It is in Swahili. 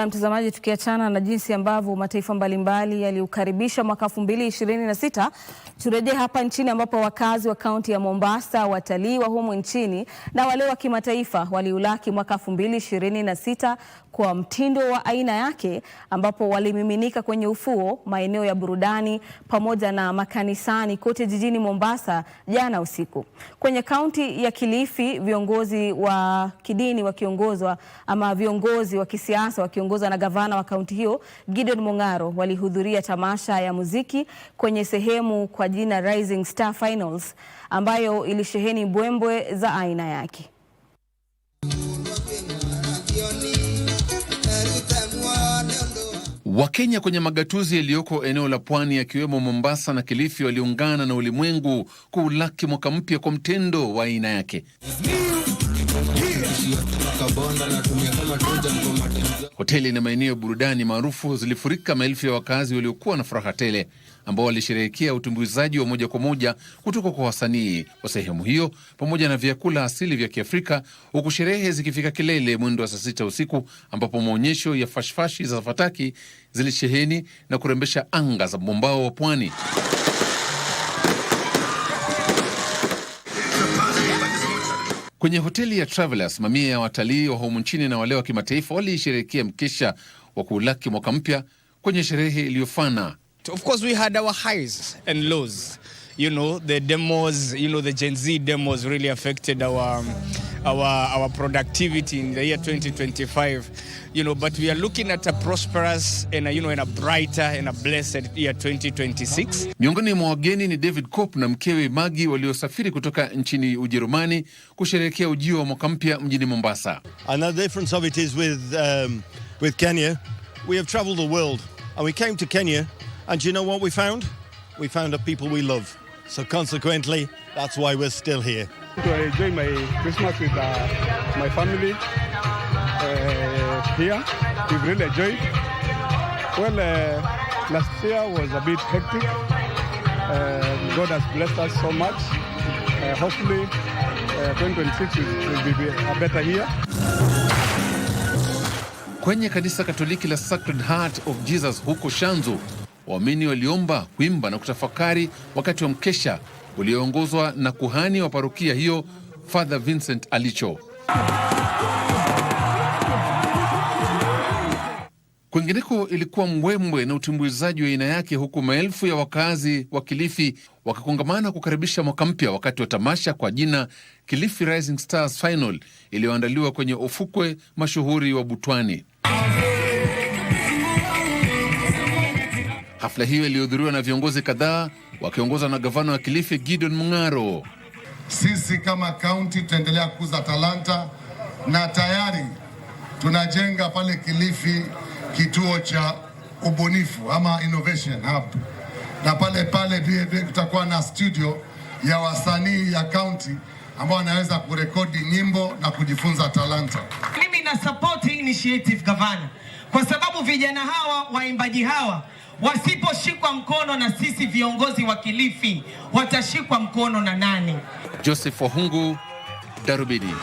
Na mtazamaji, tukiachana na jinsi ambavyo mataifa mbalimbali yaliukaribisha mwaka 2026, turejee hapa nchini ambapo wakazi wa kaunti ya Mombasa, watalii wa humu nchini na wale wa kimataifa waliulaki mwaka 2026 kwa mtindo wa aina yake ambapo walimiminika kwenye ufuo, maeneo ya burudani pamoja na makanisani kote jijini Mombasa jana usiku. Kwenye kaunti ya Kilifi, viongozi wa kidini wakiongozwa ama viongozi wa kisiasa wakiongozwa na gavana wa kaunti hiyo Gideon mongaro walihudhuria tamasha ya muziki kwenye sehemu kwa jina Rising Star Finals ambayo ilisheheni mbwembwe za aina yake. Wakenya kwenye magatuzi yaliyoko eneo la pwani yakiwemo Mombasa na Kilifi waliungana na ulimwengu kuulaki mwaka mpya kwa mtendo wa aina yake. Hoteli na maeneo ya burudani maarufu zilifurika maelfu ya wakazi waliokuwa na furaha tele, ambao walisherehekea utumbuizaji wa moja kwa moja kutoka kwa wasanii wa sehemu hiyo pamoja na vyakula asili vya Kiafrika, huku sherehe zikifika kilele mwendo wa saa sita usiku, ambapo maonyesho ya fashfashi za fataki zilisheheni na kurembesha anga za mbombao wa pwani. Kwenye hoteli ya Travelers, mamia ya watalii wa humu nchini na wale wa kimataifa waliisherehekea mkesha wa kuulaki mwaka mpya kwenye sherehe iliyofana. Of course we had our highs and lows. You know, the demos, you know, the Gen Z demos really affected our um, our, our productivity in the year 2025, you know, but we are looking at a prosperous and a, you know, and a brighter and a blessed year 2026. Miongoni mwa wageni ni David Kopp na mkewe magi waliosafiri kutoka nchini Ujerumani kusherehekea ujio wa mwaka mpya mjini Mombasa. And the difference of it is with, um, with Kenya, we have traveled the world and we came to Kenya and do you know what we found? We found a people we love. So consequently, that's why we're still here. To enjoy my Christmas with uh, my family uh, here. We've really enjoyed. Well, uh, last year was a bit hectic. Uh, God has blessed us so much. Uh, hopefully uh, 2026 will be a better year. Kwenye kanisa Katoliki la Sacred Heart of Jesus huko Shanzu, waumini waliomba, kuimba na kutafakari wakati wa mkesha ulioongozwa na kuhani wa parokia hiyo Father Vincent Alicho. Kwingineko ilikuwa mbwembwe na utumbuizaji wa aina yake, huku maelfu ya wakazi wa Kilifi wakikongamana kukaribisha mwaka mpya wakati wa tamasha kwa jina Kilifi Rising Stars Final iliyoandaliwa kwenye ufukwe mashuhuri wa Butwani. Hafla hiyo iliyohudhuriwa na viongozi kadhaa wakiongozwa na gavana wa Kilifi Gideon Mung'aro. Sisi kama kaunti tutaendelea kukuza talanta na tayari tunajenga pale Kilifi kituo cha ubunifu ama innovation hub, na pale pale vilevile tutakuwa na studio ya wasanii ya kaunti ambao wanaweza kurekodi nyimbo na kujifunza talanta. Mimi na support initiative gavana, kwa sababu vijana hawa waimbaji hawa Wasiposhikwa mkono na sisi viongozi wa Kilifi, watashikwa mkono na nani? Joseph Wahungu, Darubini.